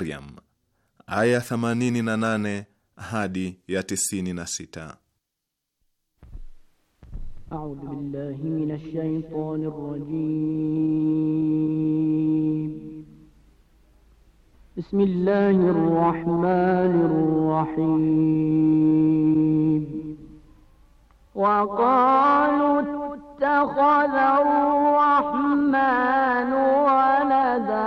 Maryam aya 88 hadi ya 96. ittakhadha ar-rahmanu walada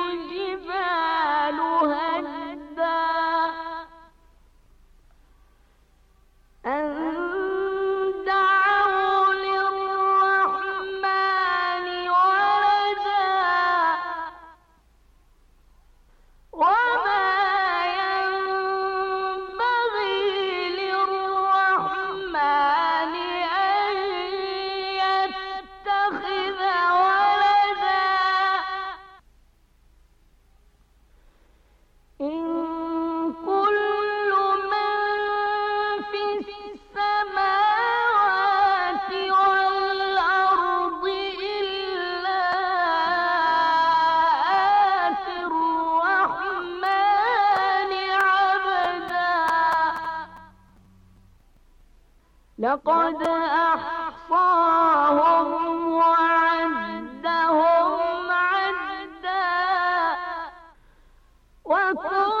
لقد أحصاهم وعدهم عدا وكل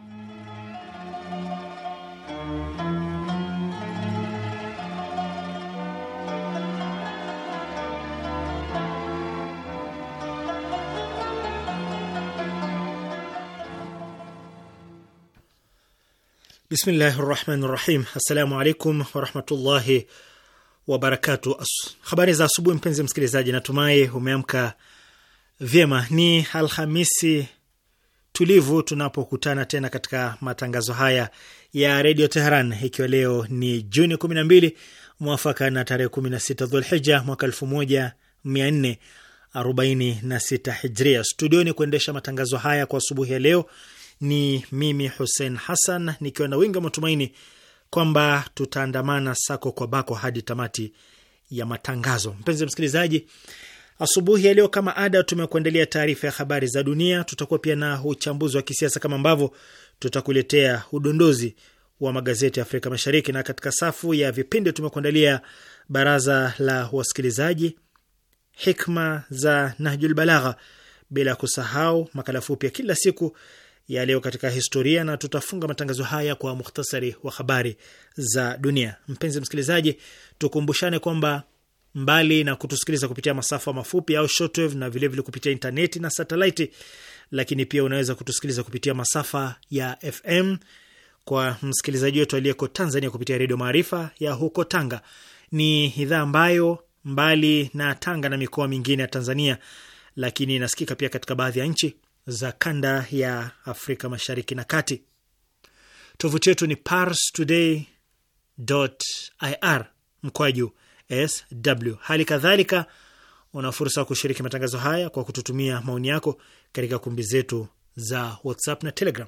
Bismillahi rahmani rahim. Assalamu alaikum warahmatullahi wabarakatu. Habari za asubuhi, mpenzi msikilizaji, natumai umeamka vyema. Ni Alhamisi tulivu tunapokutana tena katika matangazo haya ya redio Teheran, ikiwa leo ni Juni 12 mwafaka na tarehe 16 Dhulhija mwaka 1446 Hijria. Studioni kuendesha matangazo haya kwa asubuhi ya leo ni mimi Hussein Hassan nikiwa na wingi wa matumaini kwamba tutaandamana sako kwa bako hadi tamati ya matangazo. Mpenzi msikilizaji, asubuhi ya leo kama ada, tumekuandalia taarifa ya habari za dunia. Tutakuwa pia na uchambuzi wa kisiasa kama ambavyo tutakuletea udondozi wa magazeti ya Afrika Mashariki, na katika safu ya vipindi tumekuandalia baraza la wasikilizaji, hikma za Nahjul Balagha, bila kusahau makala fupi ya kila siku ya leo katika historia, na tutafunga matangazo haya kwa muhtasari wa habari za dunia. Mpenzi msikilizaji, tukumbushane kwamba mbali na kutusikiliza kupitia masafa mafupi au shortwave na vilevile vile kupitia intaneti na satelaiti, lakini pia unaweza kutusikiliza kupitia masafa ya FM kwa msikilizaji wetu aliyeko Tanzania kupitia Redio Maarifa ya huko Tanga. Ni idhaa ambayo mbali na Tanga na mikoa mingine ya Tanzania, lakini inasikika pia katika baadhi ya nchi za kanda ya Afrika Mashariki na Kati. Tovuti yetu ni parstoday.ir mkwaju sw. Hali kadhalika una fursa ya kushiriki matangazo haya kwa kututumia maoni yako katika kumbi zetu za WhatsApp na Telegram.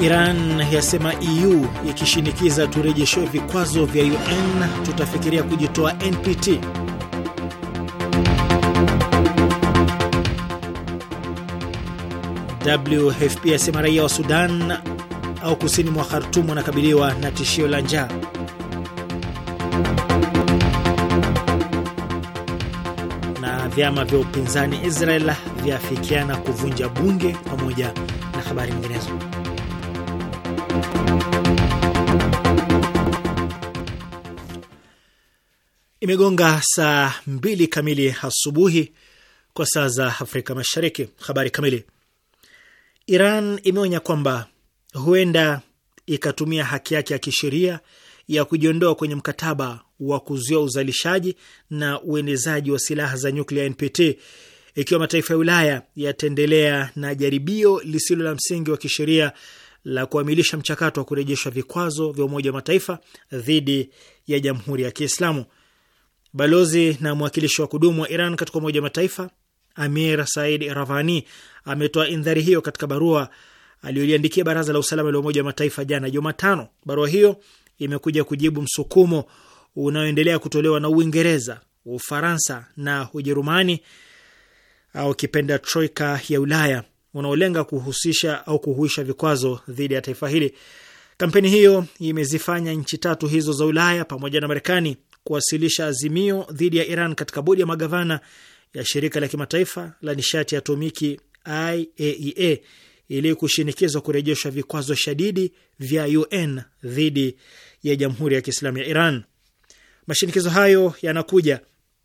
Iran yasema EU ikishinikiza turejeshewe vikwazo vya UN tutafikiria kujitoa NPT. WFP yasema raia wa Sudan au kusini mwa Khartum wanakabiliwa na tishio la njaa. Na vyama vya upinzani Israel vyafikiana kuvunja bunge, pamoja na habari nyinginezo. Imegonga saa mbili kamili asubuhi kwa saa za Afrika Mashariki. Habari kamili. Iran imeonya kwamba huenda ikatumia haki yake ya kisheria ya kujiondoa kwenye mkataba wa kuzuia uzalishaji na uenezaji wa silaha za nyuklia NPT ikiwa mataifa ya Ulaya yataendelea na jaribio lisilo la msingi wa kisheria la kuamilisha mchakato wa kurejeshwa vikwazo vya Umoja wa Mataifa dhidi ya Jamhuri ya Kiislamu. Balozi na mwakilishi wa kudumu wa Iran katika Umoja wa Mataifa Amir Said ravani ametoa indhari hiyo katika barua aliyoliandikia Baraza la Usalama la Umoja wa Mataifa jana Jumatano. Barua hiyo imekuja kujibu msukumo unaoendelea kutolewa na Uingereza, Ufaransa na Ujerumani au kipenda troika ya Ulaya unaolenga kuhusisha au kuhuisha vikwazo dhidi ya taifa hili. Kampeni hiyo imezifanya nchi tatu hizo za Ulaya pamoja na Marekani kuwasilisha azimio dhidi ya Iran katika bodi ya magavana ya shirika la kimataifa la nishati ya atomiki IAEA e ili kushinikizwa kurejeshwa vikwazo shadidi vya UN dhidi ya Jamhuri ya Kiislamu ya Iran. Mashinikizo hayo yanakuja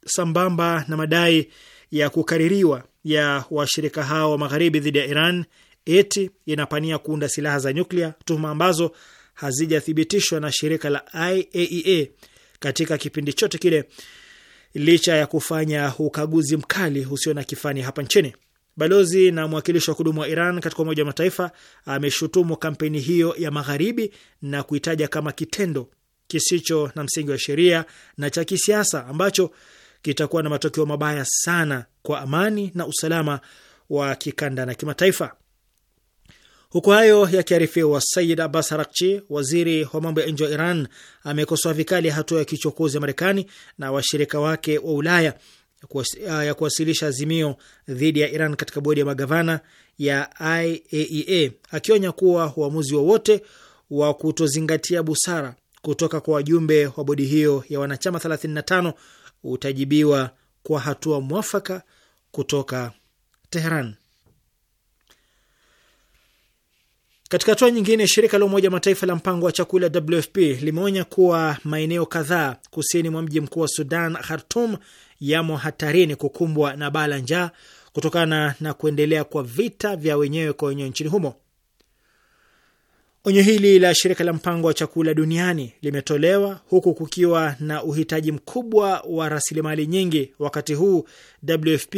sambamba na madai ya kukaririwa ya washirika hao wa magharibi dhidi ya Iran eti inapania kuunda silaha za nyuklia, tuhuma ambazo hazijathibitishwa na shirika la IAEA e katika kipindi chote kile, licha ya kufanya ukaguzi mkali usio na kifani hapa nchini. Balozi na mwakilishi wa kudumu wa Iran katika Umoja wa Mataifa ameshutumu kampeni hiyo ya magharibi na kuitaja kama kitendo kisicho na msingi wa sheria na cha kisiasa ambacho kitakuwa na matokeo mabaya sana kwa amani na usalama wa kikanda na kimataifa. Huku hayo yakiarifiwa, Sayid Abbas Arakchi, waziri wa mambo ya nje wa Iran, amekosoa vikali hatua ya kichokozi ya Marekani na washirika wake wa Ulaya uh, ya kuwasilisha azimio dhidi ya Iran katika bodi ya magavana ya IAEA, e akionya kuwa uamuzi wowote wa kutozingatia busara kutoka kwa wajumbe wa bodi hiyo ya wanachama utajibiwa kwa hatua mwafaka kutoka Teheran. Katika hatua nyingine, shirika la Umoja Mataifa la mpango wa chakula WFP limeonya kuwa maeneo kadhaa kusini mwa mji mkuu wa Sudan, Khartum, yamo hatarini kukumbwa na baa la njaa kutokana na kuendelea kwa vita vya wenyewe kwa wenyewe nchini humo. Onyo hili la shirika la mpango wa chakula duniani limetolewa huku kukiwa na uhitaji mkubwa wa rasilimali nyingi, wakati huu WFP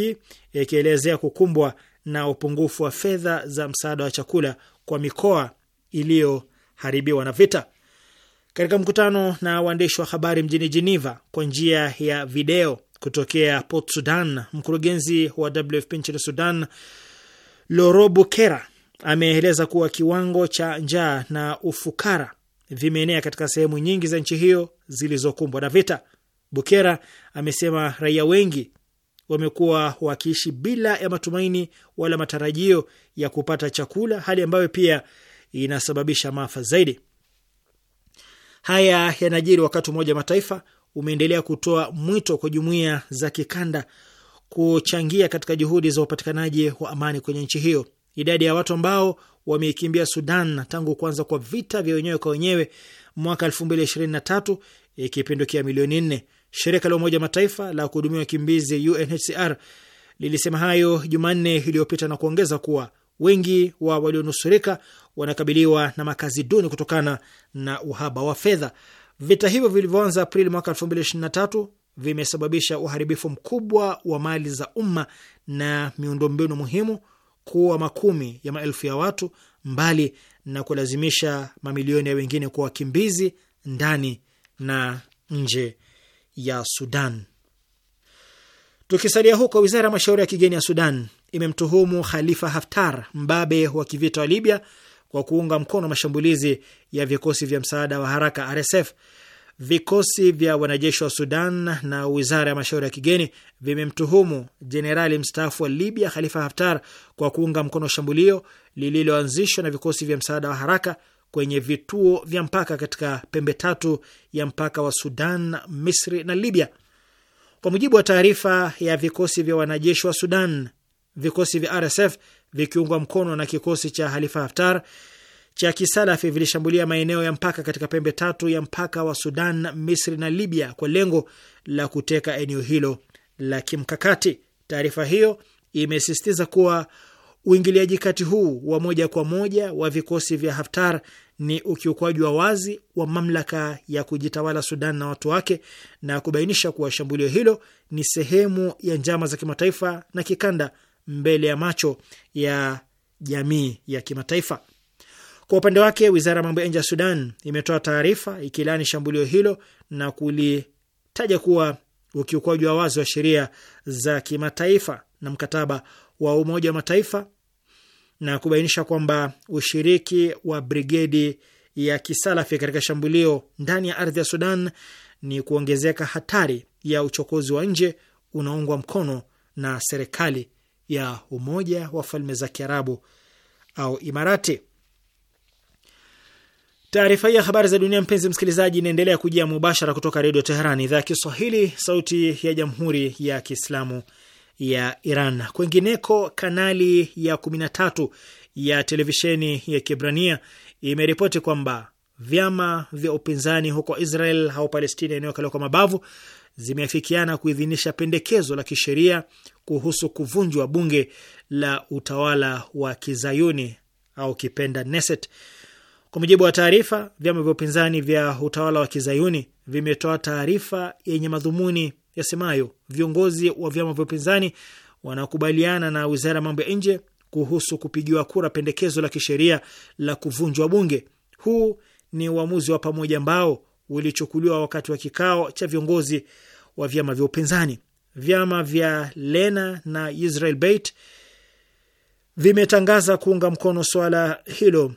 ikielezea kukumbwa na upungufu wa fedha za msaada wa chakula kwa mikoa iliyoharibiwa na vita. Katika mkutano na waandishi wa habari mjini Geneva kwa njia ya video kutokea Port Sudan, mkurugenzi wa WFP nchini Sudan loro bukera ameeleza kuwa kiwango cha njaa na ufukara vimeenea katika sehemu nyingi za nchi hiyo zilizokumbwa na vita. Bukera amesema raia wengi wamekuwa wakiishi bila ya matumaini wala matarajio ya kupata chakula, hali ambayo pia inasababisha maafa zaidi. Haya yanajiri wakati Umoja wa Mataifa umeendelea kutoa mwito kwa jumuiya za kikanda kuchangia katika juhudi za upatikanaji wa amani kwenye nchi hiyo. Idadi ya watu ambao wameikimbia Sudan tangu kuanza kwa vita vya wenyewe kwa wenyewe mwaka 2023 ikipindukia milioni nne. Shirika la Umoja Mataifa la kuhudumia wakimbizi UNHCR lilisema hayo Jumanne iliyopita na kuongeza kuwa wengi wa walionusurika wanakabiliwa na makazi duni kutokana na uhaba wa fedha. Vita hivyo vilivyoanza Aprili mwaka 2023 vimesababisha uharibifu mkubwa wa mali za umma na miundombinu muhimu kuua makumi ya maelfu ya watu, mbali na kulazimisha mamilioni ya wengine kuwa wakimbizi ndani na nje ya Sudan. Tukisalia huko, wizara ya mashauri ya kigeni ya Sudan imemtuhumu Khalifa Haftar, mbabe wa kivita wa Libya, kwa kuunga mkono mashambulizi ya vikosi vya msaada wa haraka RSF. Vikosi vya wanajeshi wa Sudan na wizara ya mashauri ya kigeni vimemtuhumu jenerali mstaafu wa Libya Khalifa Haftar kwa kuunga mkono shambulio lililoanzishwa na vikosi vya msaada wa haraka kwenye vituo vya mpaka katika pembe tatu ya mpaka wa Sudan, Misri na Libya. Kwa mujibu wa taarifa ya vikosi vya wanajeshi wa Sudan, vikosi vya RSF vikiungwa mkono na kikosi cha halifa Haftar cha kisalafi vilishambulia maeneo ya mpaka katika pembe tatu ya mpaka wa Sudan, Misri na Libya kwa lengo la kuteka eneo hilo la kimkakati. Taarifa hiyo imesisitiza kuwa uingiliaji kati huu wa moja kwa moja wa vikosi vya Haftar ni ukiukwaji wa wazi wa mamlaka ya kujitawala Sudan na watu wake, na kubainisha kuwa shambulio hilo ni sehemu ya njama za kimataifa na kikanda mbele ya macho ya jamii ya kimataifa. Kwa upande wake, wizara ya mambo ya nje ya Sudan imetoa taarifa ikilaani shambulio hilo na kulitaja kuwa ukiukwaji wa wazi wa sheria za kimataifa na mkataba wa Umoja wa Mataifa na kubainisha kwamba ushiriki wa brigedi ya kisalafi katika shambulio ndani ya ardhi ya Sudan ni kuongezeka hatari ya uchokozi wa nje unaungwa mkono na serikali ya Umoja wa Falme za Kiarabu au Imarati. Taarifa hii ya habari za dunia, mpenzi msikilizaji, inaendelea kujia mubashara kutoka Redio Teheran, idhaa ya Kiswahili, sauti ya Jamhuri ya Kiislamu ya Iran. Kwengineko, kanali ya 13 ya televisheni ya Kibrania imeripoti kwamba vyama vya upinzani huko Israel au Palestina inayokaliwa kwa mabavu zimeafikiana kuidhinisha pendekezo la kisheria kuhusu kuvunjwa bunge la utawala wa kizayuni au kipenda Neset kwa mujibu wa taarifa, vyama vya upinzani vya utawala wa kizayuni vimetoa taarifa yenye madhumuni yasemayo, viongozi wa vyama vya upinzani wanakubaliana na wizara ya mambo ya nje kuhusu kupigiwa kura pendekezo la kisheria la kuvunjwa bunge. Huu ni uamuzi wa pamoja ambao ulichukuliwa wakati wa kikao cha viongozi wa vyama vya upinzani. Vyama vya Lena na Israel Beit vimetangaza kuunga mkono swala hilo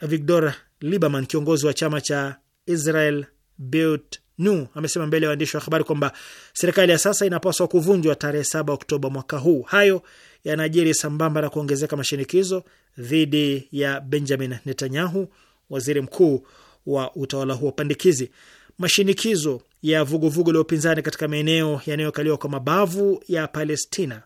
Avigdor Lieberman, kiongozi wa chama cha Israel Beit Nu, amesema mbele ya waandishi wa habari kwamba serikali ya sasa inapaswa kuvunjwa tarehe 7 Oktoba mwaka huu. Hayo yanajiri sambamba na kuongezeka mashinikizo dhidi ya Benjamin Netanyahu, waziri mkuu wa utawala huo pandikizi. Mashinikizo ya vuguvugu la upinzani katika maeneo yanayokaliwa kwa mabavu ya Palestina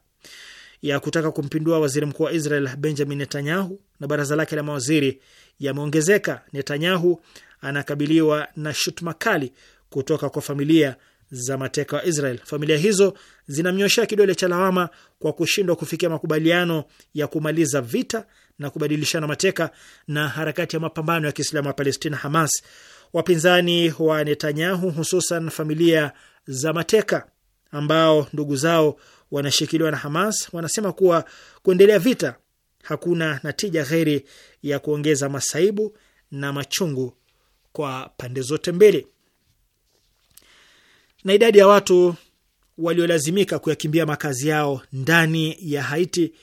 ya kutaka kumpindua waziri mkuu wa Israel Benjamin Netanyahu na baraza lake la mawaziri yameongezeka. Netanyahu anakabiliwa na shutuma kali kutoka kwa familia za mateka wa Israel. Familia hizo zinamnyoshea kidole cha lawama kwa kushindwa kufikia makubaliano ya kumaliza vita na kubadilishana mateka na harakati ya mapambano ya Kiislamu ya Palestina, Hamas. Wapinzani wa Netanyahu, hususan familia za mateka ambao ndugu zao wanashikiliwa na Hamas wanasema kuwa kuendelea vita hakuna natija ghairi ya kuongeza masaibu na machungu kwa pande zote mbili. Na idadi ya watu waliolazimika kuyakimbia makazi yao ndani ya Haiti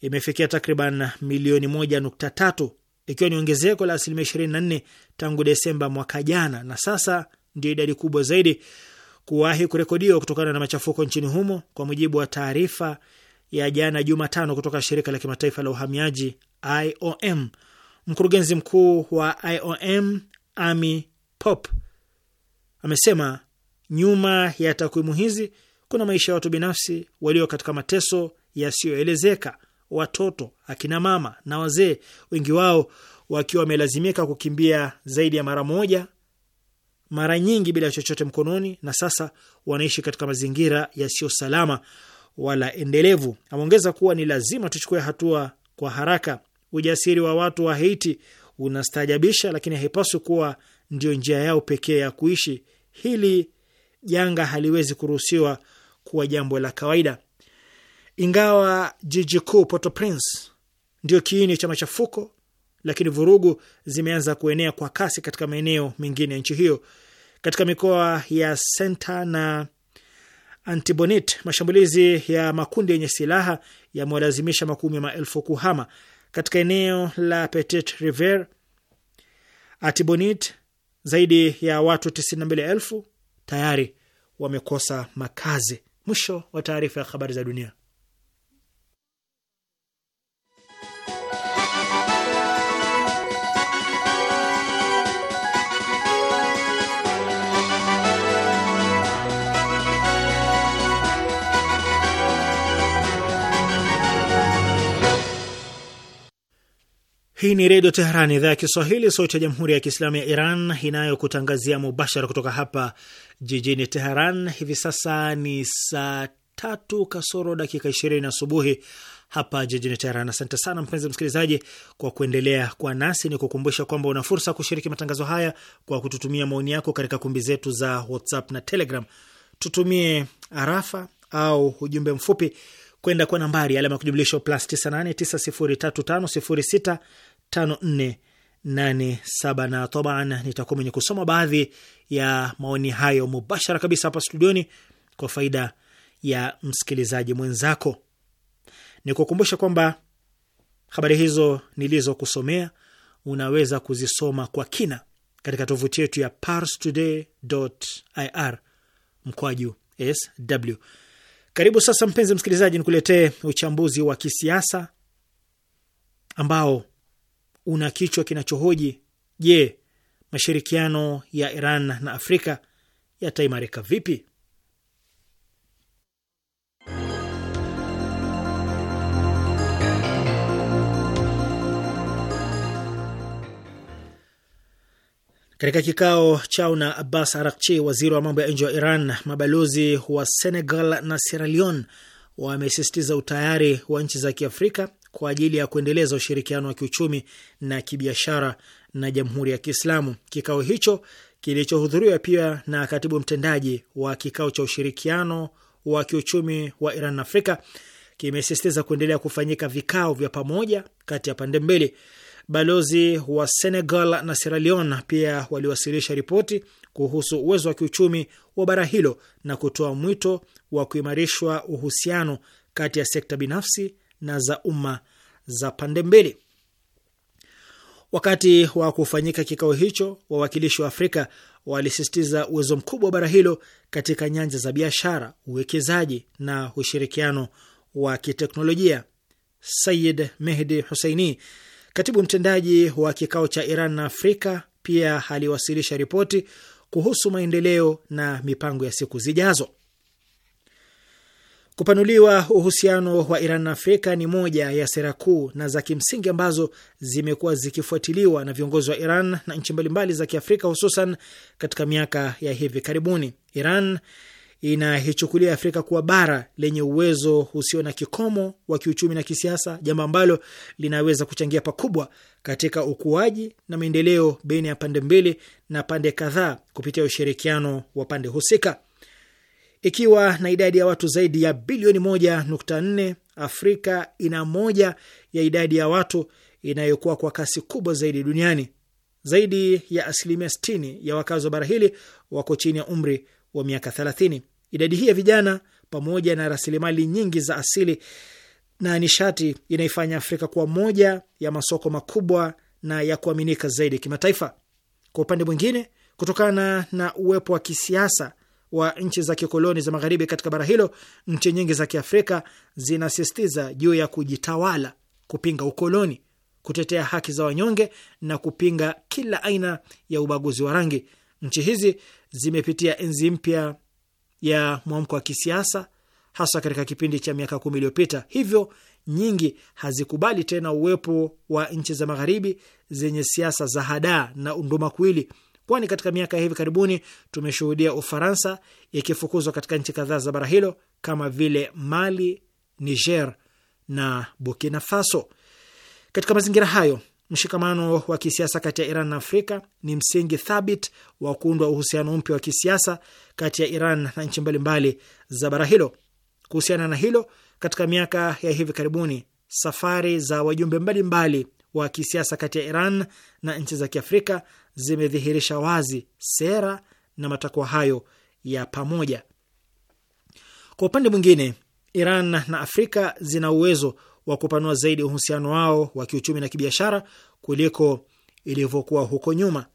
imefikia takriban milioni moja nukta tatu ikiwa ni ongezeko la asilimia nne tangu Desemba mwaka jana, na sasa ndio idadi kubwa zaidi kuwahi kurekodiwa kutokana na machafuko nchini humo, kwa mujibu wa taarifa ya jana Jumatano kutoka shirika la kimataifa la uhamiaji IOM. Mkurugenzi mkuu wa IOM Amy Pop amesema nyuma ya takwimu hizi kuna maisha ya watu binafsi walio katika mateso yasiyoelezeka, watoto, akina mama na wazee, wengi wao wakiwa wamelazimika kukimbia zaidi ya mara moja mara nyingi bila chochote mkononi na sasa wanaishi katika mazingira yasiyo salama wala endelevu. Ameongeza kuwa ni lazima tuchukue hatua kwa haraka. Ujasiri wa watu wa Haiti unastaajabisha, lakini haipaswi kuwa ndio njia yao pekee ya kuishi. Hili janga haliwezi kuruhusiwa kuwa jambo la kawaida. Ingawa jiji kuu Port-au-Prince ndio kiini cha machafuko, lakini vurugu zimeanza kuenea kwa kasi katika maeneo mengine ya nchi hiyo katika mikoa ya Senta na antibonit Mashambulizi ya makundi yenye silaha yamewalazimisha makumi maelfu kuhama katika eneo la Petit River antibonit Zaidi ya watu 92,000 tayari wamekosa makazi. Mwisho wa taarifa ya habari za dunia. Hii ni Redio teheran idhaa ya Kiswahili, sauti ya Jamhuri ya Kiislamu ya Iran, inayokutangazia mubashara kutoka hapa jijini Teheran. Hivi sasa ni saa tatu kasoro dakika ishirini asubuhi hapa jijini Teheran. Asante sana mpenzi msikilizaji kwa kuendelea kwa nasi. Ni kukumbusha kwamba una fursa kushiriki matangazo haya kwa kututumia maoni yako katika kumbi zetu za WhatsApp na Telegram. Tutumie arafa au ujumbe mfupi kwenda kwa nambari alama ya kujumlisha plus 98 90350654 5487 na taban nitakuwa mwenye kusoma baadhi ya maoni hayo mubashara kabisa hapa studioni kwa faida ya msikilizaji mwenzako. ni kukumbusha kwamba habari hizo nilizokusomea unaweza kuzisoma kwa kina katika tovuti yetu ya parstoday.ir mkwaju sw. Karibu sasa, mpenzi msikilizaji, nikuletee uchambuzi wa kisiasa ambao una kichwa kinachohoji je, mashirikiano ya Iran na Afrika yataimarika vipi? Katika kikao chao na Abbas Arakchi, waziri wa mambo ya nje wa Iran, mabalozi wa Senegal na Sierra Leone wamesisitiza utayari wa nchi za Kiafrika kwa ajili ya kuendeleza ushirikiano wa kiuchumi na kibiashara na Jamhuri ya Kiislamu. Kikao hicho kilichohudhuriwa pia na katibu mtendaji wa kikao cha ushirikiano wa kiuchumi wa Iran na Afrika kimesisitiza kuendelea kufanyika vikao vya pamoja kati ya pande mbili. Balozi wa Senegal na Sierra Leone pia waliwasilisha ripoti kuhusu uwezo wa kiuchumi wa bara hilo na kutoa mwito wa kuimarishwa uhusiano kati ya sekta binafsi na za umma za pande mbili. Wakati wa kufanyika kikao hicho, wawakilishi wa Afrika walisisitiza uwezo mkubwa wa bara hilo katika nyanja za biashara, uwekezaji na ushirikiano wa kiteknolojia. Sayid Mehdi Huseini, katibu mtendaji wa kikao cha Iran na Afrika, pia aliwasilisha ripoti kuhusu maendeleo na mipango ya siku zijazo. Kupanuliwa uhusiano wa Iran na Afrika ni moja ya sera kuu na za kimsingi ambazo zimekuwa zikifuatiliwa na viongozi wa Iran na nchi mbalimbali za Kiafrika, hususan katika miaka ya hivi karibuni. Iran inaichukulia Afrika kuwa bara lenye uwezo usio na kikomo wa kiuchumi na kisiasa, jambo ambalo linaweza kuchangia pakubwa katika ukuaji na maendeleo baina ya pande mbili na pande kadhaa kupitia ushirikiano wa pande husika. Ikiwa na idadi ya watu zaidi ya bilioni moja nne Afrika ina moja ya idadi ya watu inayokuwa kwa kasi kubwa zaidi duniani. Zaidi ya asilimia s ya wakazi wa bara hili wako chini ya umri wa miaka thelathini Idadi hii ya vijana pamoja na rasilimali nyingi za asili na nishati inaifanya Afrika kuwa moja ya masoko makubwa na ya kuaminika zaidi kimataifa. Kwa upande mwingine, kutokana na uwepo wa kisiasa wa nchi za kikoloni za magharibi katika bara hilo, nchi nyingi za Kiafrika zinasisitiza juu ya kujitawala, kupinga ukoloni, kutetea haki za wanyonge na kupinga kila aina ya ubaguzi wa rangi. Nchi hizi zimepitia enzi mpya ya mwamko wa kisiasa, hasa katika kipindi cha miaka kumi iliyopita. Hivyo nyingi hazikubali tena uwepo wa nchi za magharibi zenye siasa za hadaa na undumakuwili kwani katika miaka ya hivi karibuni tumeshuhudia Ufaransa ikifukuzwa katika nchi kadhaa za bara hilo kama vile Mali, Niger na Burkina Faso. Katika mazingira hayo, mshikamano wa kisiasa kati ya Iran na Afrika ni msingi thabit wa kuundwa uhusiano mpya wa kisiasa kati ya Iran na nchi mbalimbali za bara hilo. Kuhusiana na hilo, katika miaka ya hivi karibuni safari za wajumbe mbalimbali mbali wa kisiasa kati ya Iran na nchi za Kiafrika zimedhihirisha wazi sera na matakwa hayo ya pamoja. Kwa upande mwingine, Iran na Afrika zina uwezo wa kupanua zaidi uhusiano wao wa kiuchumi na kibiashara kuliko ilivyokuwa huko nyuma,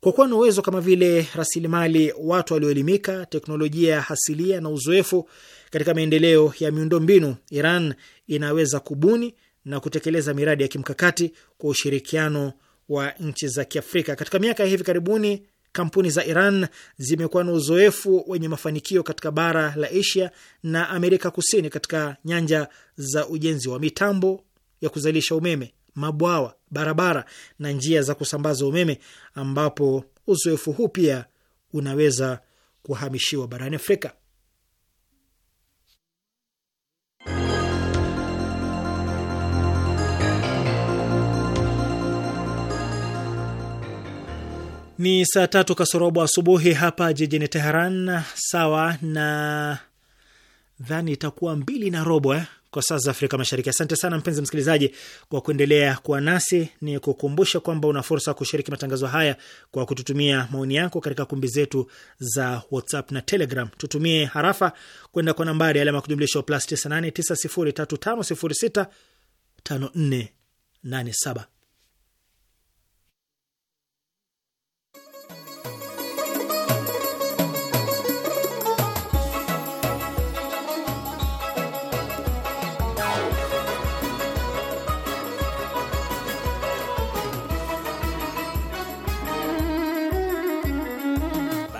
kwa kuwa na uwezo kama vile rasilimali watu walioelimika, teknolojia ya hasilia na uzoefu katika maendeleo ya miundombinu. Iran inaweza kubuni na kutekeleza miradi ya kimkakati kwa ushirikiano wa nchi za Kiafrika. Katika miaka ya hivi karibuni, kampuni za Iran zimekuwa na uzoefu wenye mafanikio katika bara la Asia na Amerika Kusini katika nyanja za ujenzi wa mitambo ya kuzalisha umeme, mabwawa, barabara na njia za kusambaza umeme, ambapo uzoefu huu pia unaweza kuhamishiwa barani Afrika. Ni saa tatu kasorobo asubuhi hapa jijini Teheran, sawa na dhani itakuwa mbili na robo eh, kwa saa za Afrika Mashariki. Asante sana mpenzi msikilizaji kwa kuendelea kuwa nasi. Ni kukumbusha kwamba una fursa ya kushiriki matangazo haya kwa kututumia maoni yako katika kumbi zetu za WhatsApp na Telegram. Tutumie harafa kwenda kwa nambari alama ya kujumlisha plus 98 9035065487.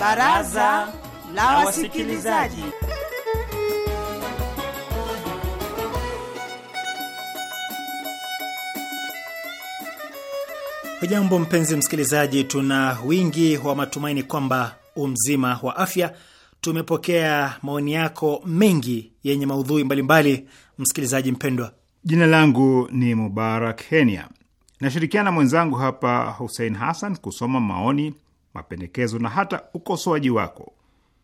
Baraza la Wasikilizaji. Hujambo mpenzi msikilizaji, tuna wingi wa matumaini kwamba umzima wa afya. Tumepokea maoni yako mengi yenye maudhui mbalimbali mbali. Msikilizaji mpendwa, jina langu ni Mubarak Henia, nashirikiana mwenzangu hapa Hussein Hassan kusoma maoni mapendekezo na hata ukosoaji wako.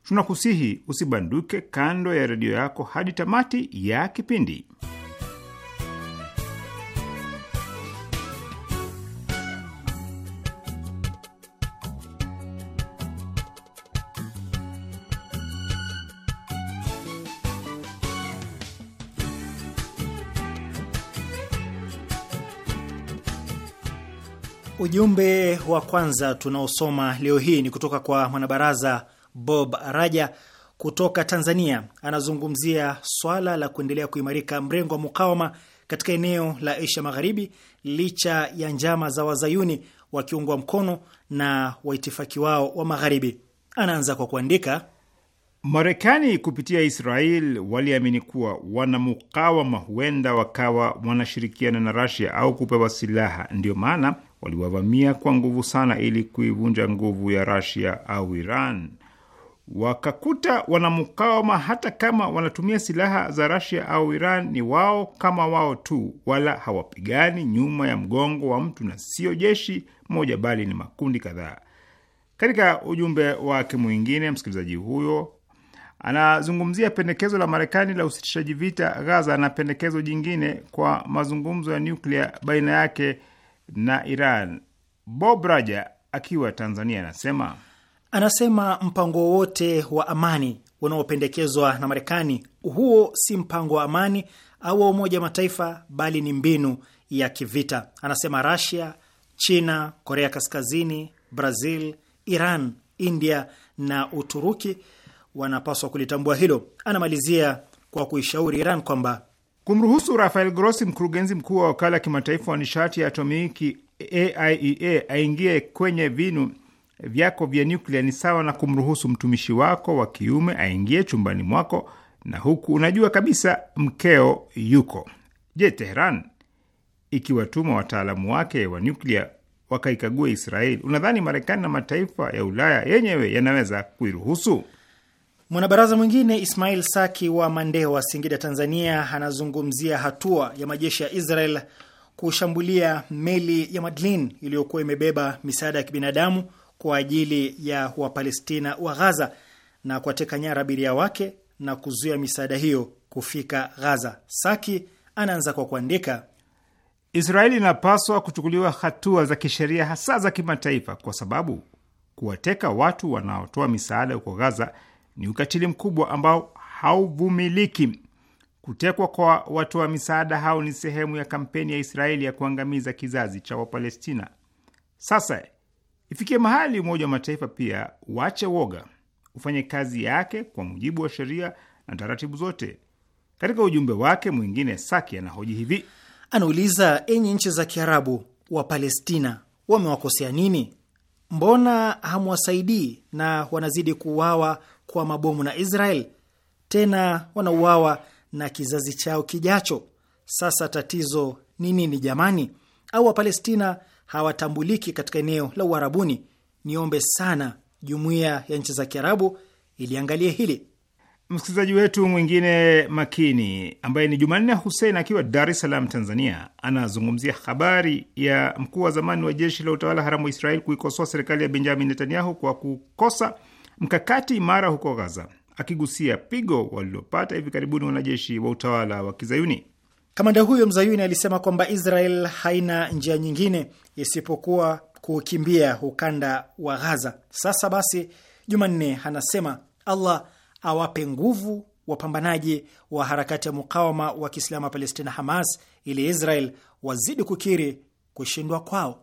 Tunakusihi usibanduke kando ya redio yako hadi tamati ya kipindi. Ujumbe wa kwanza tunaosoma leo hii ni kutoka kwa mwanabaraza Bob Raja kutoka Tanzania. Anazungumzia swala la kuendelea kuimarika mrengo wa mukawama katika eneo la Asia Magharibi licha ya njama za wazayuni wakiungwa mkono na waitifaki wao wa Magharibi. Anaanza kwa kuandika, Marekani kupitia Israel waliamini kuwa wanamukawama huenda wakawa wanashirikiana na Rasia au kupewa silaha. ndio maana waliwavamia kwa nguvu sana ili kuivunja nguvu ya Rasia au Iran. Wakakuta wanamukawama hata kama wanatumia silaha za Rasia au Iran, ni wao kama wao tu, wala hawapigani nyuma ya mgongo wa mtu na sio jeshi moja, bali ni makundi kadhaa. Katika ujumbe wake mwingine, msikilizaji huyo anazungumzia pendekezo la Marekani la usitishaji vita Gaza na pendekezo jingine kwa mazungumzo ya nyuklia baina yake na Iran. Bob Raja akiwa Tanzania anasema anasema mpango wowote wa amani unaopendekezwa na Marekani, huo si mpango wa amani au wa Umoja wa Mataifa, bali ni mbinu ya kivita. Anasema Rasia, China, Korea Kaskazini, Brazil, Iran, India na Uturuki wanapaswa kulitambua hilo. Anamalizia kwa kuishauri Iran kwamba Kumruhusu Rafael Grossi, mkurugenzi mkuu wa wakala ya kimataifa wa nishati ya atomiki AIEA, e, aingie kwenye vinu vyako vya nyuklia ni sawa na kumruhusu mtumishi wako wa kiume aingie chumbani mwako na huku unajua kabisa mkeo yuko. Je, Teheran ikiwatuma wataalamu wake wa nyuklia wakaikagua Israeli, unadhani Marekani na mataifa ya Ulaya yenyewe yanaweza kuiruhusu? Mwanabaraza mwingine Ismail Saki wa Mandewa, Singida, Tanzania, anazungumzia hatua ya majeshi ya Israel kushambulia meli ya Madlin iliyokuwa imebeba misaada ya kibinadamu kwa ajili ya Wapalestina wa Ghaza na kuwateka nyara abiria wake na kuzuia misaada hiyo kufika Ghaza. Saki anaanza kwa kuandika, Israeli inapaswa kuchukuliwa hatua za kisheria, hasa za kimataifa, kwa sababu kuwateka watu wanaotoa misaada huko Ghaza ni ukatili mkubwa ambao hauvumiliki. Kutekwa kwa watoa wa misaada hao ni sehemu ya kampeni ya Israeli ya kuangamiza kizazi cha Wapalestina. Sasa ifikie mahali Umoja wa Mataifa pia wache woga, ufanye kazi yake kwa mujibu wa sheria na taratibu zote. Katika ujumbe wake mwingine, Saki anahoji hivi, anauliza: enyi nchi za Kiarabu, Wapalestina wamewakosea nini? Mbona hamwasaidii na wanazidi kuuawa kwa mabomu na Israel, tena wanauawa na kizazi chao kijacho. Sasa tatizo ni nini jamani? Au Wapalestina hawatambuliki katika eneo la Uarabuni? Niombe sana jumuiya ya nchi za Kiarabu iliangalie hili. Msikilizaji wetu mwingine makini ambaye ni Jumanne Husein akiwa Dar es Salaam, Tanzania, anazungumzia habari ya mkuu wa zamani wa jeshi la utawala haramu wa Israel kuikosoa serikali ya Benjamin Netanyahu kwa kukosa mkakati imara huko Gaza, akigusia pigo walilopata hivi karibuni wanajeshi wa utawala wa Kizayuni. Kamanda huyo mzayuni alisema kwamba Israel haina njia nyingine isipokuwa kuukimbia ukanda wa Ghaza. Sasa basi, Jumanne anasema Allah awape nguvu wapambanaji wa harakati ya mukawama wa Kiislamu wa Palestina, Hamas, ili Israel wazidi kukiri kushindwa kwao.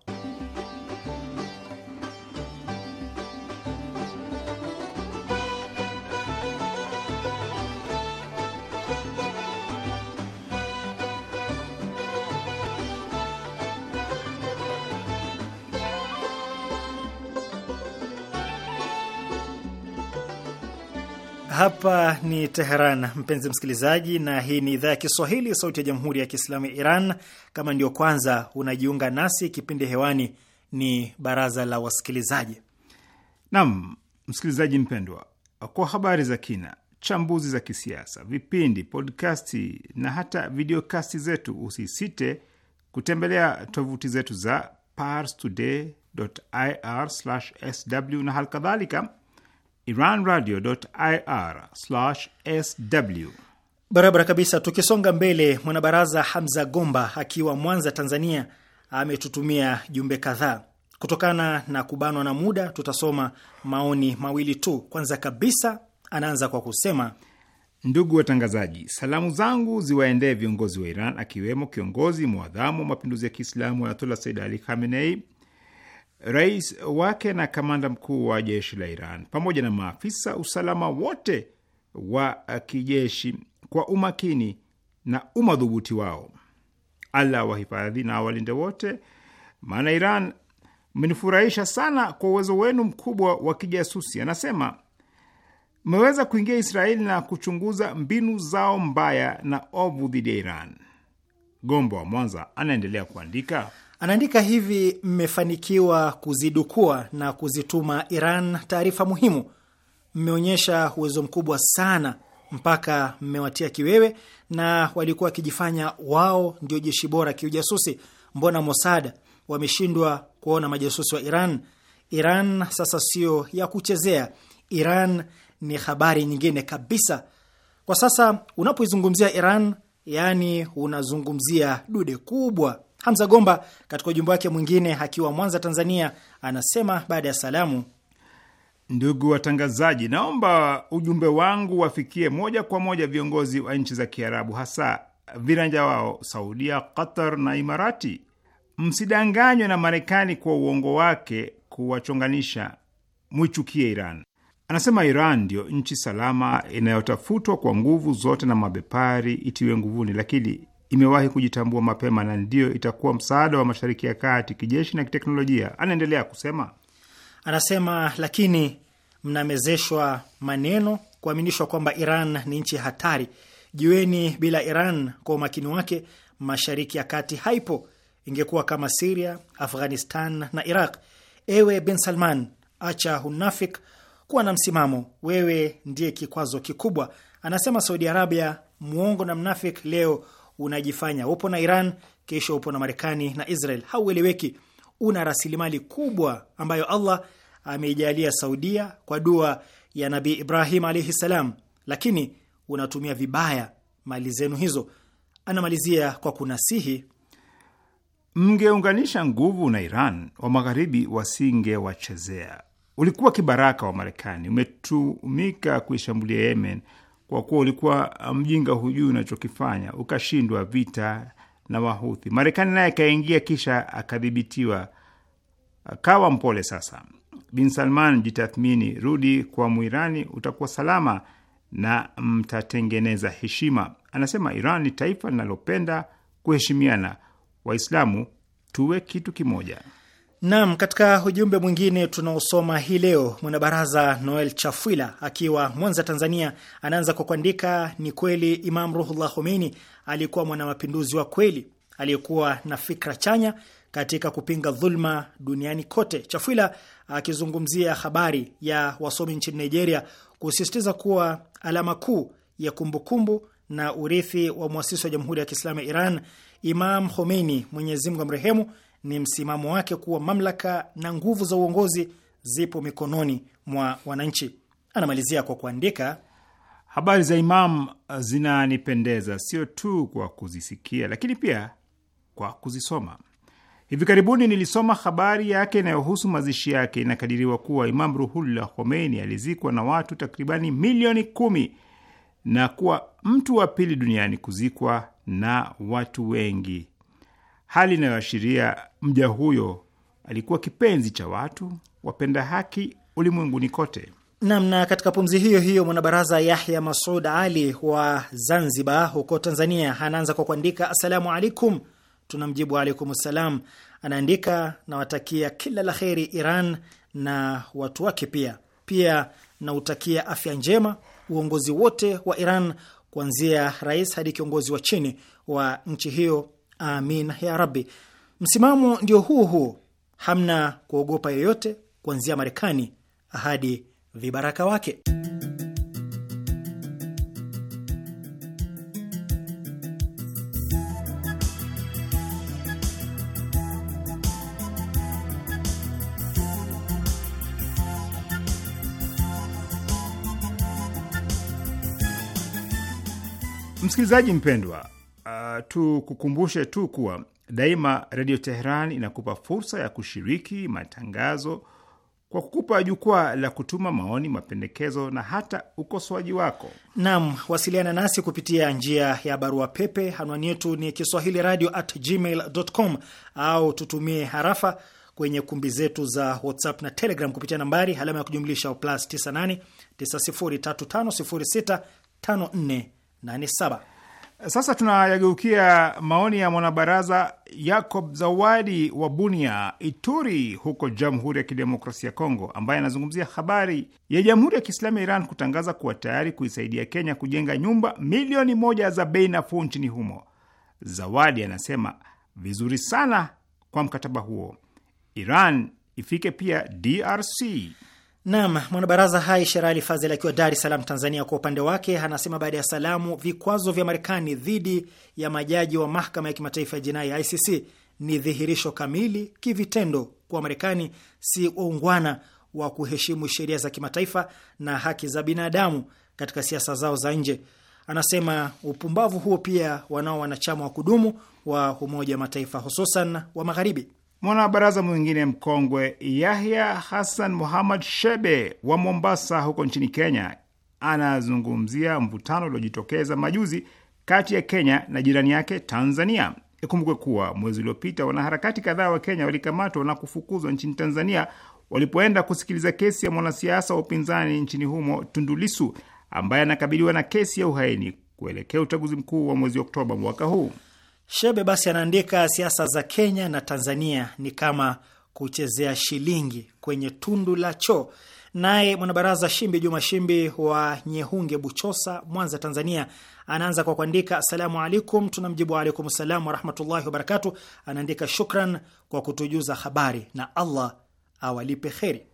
Hapa ni Teheran, mpenzi msikilizaji, na hii ni idhaa ya Kiswahili, sauti ya jamhuri ya kiislamu ya Iran. Kama ndio kwanza unajiunga nasi, kipindi hewani ni baraza la wasikilizaji. nam msikilizaji mpendwa, kwa habari za kina, chambuzi za kisiasa, vipindi, podkasti na hata videokasti zetu, usisite kutembelea tovuti zetu za parstoday.ir/sw na halikadhalika iranradio.ir/sw. Barabara kabisa. Tukisonga mbele, mwanabaraza Hamza Gomba akiwa Mwanza, Tanzania, ametutumia jumbe kadhaa. Kutokana na kubanwa na muda, tutasoma maoni mawili tu. Kwanza kabisa, anaanza kwa kusema Ndugu watangazaji, salamu zangu ziwaendee viongozi wa Iran akiwemo kiongozi mwadhamu wa mapinduzi ya Kiislamu Ayatollah Said Ali Khamenei, rais wake na kamanda mkuu wa jeshi la Iran pamoja na maafisa usalama wote wa kijeshi kwa umakini na umadhubuti wao. Allah wahifadhi na walinde wote, maana Iran mmenifurahisha sana kwa uwezo wenu mkubwa wa kijasusi. Anasema mmeweza kuingia Israeli na kuchunguza mbinu zao mbaya na ovu dhidi ya Iran. Gombo wa Mwanza anaendelea kuandika Anaandika hivi: mmefanikiwa kuzidukua na kuzituma Iran taarifa muhimu. Mmeonyesha uwezo mkubwa sana mpaka mmewatia kiwewe, na walikuwa wakijifanya wao ndio jeshi bora kiujasusi. Mbona Mossad wameshindwa kuona majasusi wa Iran? Iran sasa sio ya kuchezea. Iran ni habari nyingine kabisa. Kwa sasa unapoizungumzia Iran, yaani unazungumzia dude kubwa. Hamza Gomba katika ujumbe wake mwingine akiwa Mwanza, Tanzania, anasema baada ya salamu, ndugu watangazaji, naomba ujumbe wangu wafikie moja kwa moja viongozi wa nchi za Kiarabu, hasa viranja wao Saudia, Qatar na Imarati. Msidanganywe na Marekani kwa uongo wake kuwachonganisha, mwichukie Iran. Anasema Iran ndiyo nchi salama inayotafutwa kwa nguvu zote na mabepari itiwe nguvuni, lakini imewahi kujitambua mapema na ndiyo itakuwa msaada wa Mashariki ya Kati kijeshi na kiteknolojia. Anaendelea kusema, anasema lakini mnamezeshwa maneno kuaminishwa kwamba Iran ni nchi hatari. Jiweni bila Iran kwa umakini wake, Mashariki ya Kati haipo, ingekuwa kama Siria, Afghanistan na Iraq. Ewe Bin Salman, acha unafik, kuwa na msimamo, wewe ndiye kikwazo kikubwa. Anasema Saudi Arabia mwongo na mnafik leo unajifanya upo na Iran, kesho upo na Marekani na Israel. Haueleweki. Una rasilimali kubwa ambayo Allah ameijalia Saudia kwa dua ya Nabii Ibrahim alaihi salam, lakini unatumia vibaya mali zenu hizo. Anamalizia kwa kunasihi, mngeunganisha nguvu na Iran, wa magharibi wasingewachezea. Ulikuwa kibaraka wa Marekani, umetumika kuishambulia Yemen kwa kuwa ulikuwa uh, mjinga, hujui unachokifanya, ukashindwa vita na Wahuthi. Marekani naye akaingia, kisha akadhibitiwa, kawa mpole. Sasa bin Salman, jitathmini, rudi kwa Mwirani, utakuwa salama na mtatengeneza heshima. Anasema Iran ni taifa linalopenda kuheshimiana. Waislamu tuwe kitu kimoja. Naam, katika ujumbe mwingine tunaosoma hii leo, mwanabaraza Noel Chafwila akiwa Mwanza, Tanzania, anaanza kwa kuandika: ni kweli Imam Ruhullah Khomeini alikuwa mwanamapinduzi wa kweli aliyekuwa na fikra chanya katika kupinga dhulma duniani kote. Chafwila akizungumzia habari ya wasomi nchini Nigeria kusisitiza kuwa alama kuu ya kumbukumbu kumbu na urithi wa mwasisi wa Jamhuri ya Kiislamu ya Iran Imam Khomeini, Mwenyezi Mungu amrehemu ni msimamo wake kuwa mamlaka na nguvu za uongozi zipo mikononi mwa wananchi. Anamalizia kwa kuandika, habari za Imam zinanipendeza sio tu kwa kuzisikia, lakini pia kwa kuzisoma. Hivi karibuni nilisoma habari yake inayohusu mazishi yake. Inakadiriwa kuwa Imam Ruhullah Khomeini alizikwa na watu takribani milioni kumi na kuwa mtu wa pili duniani kuzikwa na watu wengi hali inayoashiria mja huyo alikuwa kipenzi cha watu wapenda haki ulimwenguni kote. Nam. Na katika pumzi hiyo hiyo mwanabaraza Yahya Masud Ali wa Zanzibar huko Tanzania anaanza kwa kuandika assalamu alaikum. Tunamjibu alaikum salam. Anaandika nawatakia kila la kheri Iran na watu wake, pia pia nautakia afya njema uongozi wote wa Iran kuanzia rais hadi kiongozi wa chini wa nchi hiyo Amin ya Rabbi. Msimamo ndio huu huu, hamna kuogopa yoyote, kuanzia Marekani hadi vibaraka wake. Msikilizaji mpendwa tukukumbushe tu kuwa daima Redio Teheran inakupa fursa ya kushiriki matangazo kwa kukupa jukwaa la kutuma maoni, mapendekezo na hata ukosoaji wako. Naam, wasiliana nasi kupitia njia ya barua pepe. Anwani yetu ni kiswahili radio at gmail com, au tutumie harafa kwenye kumbi zetu za WhatsApp na Telegram kupitia nambari alama ya kujumlisha plus 98 9035065487. Sasa tunayageukia maoni ya mwanabaraza Yacob Zawadi wa Bunia, Ituri, huko Jamhuri ya Kidemokrasia ya Kongo, ambaye anazungumzia habari ya Jamhuri ya Kiislamu ya Iran kutangaza kuwa tayari kuisaidia Kenya kujenga nyumba milioni moja za bei nafuu nchini humo. Zawadi anasema vizuri sana kwa mkataba huo, Iran ifike pia DRC. Naam, mwanabaraza hai Sherali Fazel akiwa Dar es Salaam, Tanzania, kwa upande wake anasema, baada ya salamu, vikwazo vya Marekani dhidi ya majaji wa mahakama ya kimataifa ya jinai ICC ni dhihirisho kamili kivitendo kuwa Marekani si waungwana wa kuheshimu sheria za kimataifa na haki za binadamu katika siasa zao za nje. Anasema upumbavu huo pia wanao wanachama wa kudumu wa Umoja wa Mataifa, hususan wa Magharibi. Mwanabaraza mwingine mkongwe Yahya Hassan Muhammad Shebe wa Mombasa huko nchini Kenya anazungumzia mvutano uliojitokeza majuzi kati ya Kenya na jirani yake Tanzania. Ikumbukwe kuwa mwezi uliopita wanaharakati kadhaa wa Kenya walikamatwa na kufukuzwa nchini Tanzania walipoenda kusikiliza kesi ya mwanasiasa wa upinzani nchini humo Tundulisu ambaye anakabiliwa na kesi ya uhaini kuelekea uchaguzi mkuu wa mwezi Oktoba mwaka huu. Shebe basi anaandika, siasa za Kenya na Tanzania ni kama kuchezea shilingi kwenye tundu la choo. Naye mwanabaraza Shimbi Juma Shimbi wa Nyehunge, Buchosa, Mwanza, Tanzania, anaanza kwa kuandika assalamu alaikum. Tunamjibu alaikum salam warahmatullahi wabarakatu. Anaandika shukran kwa kutujuza habari na Allah awalipe kheri.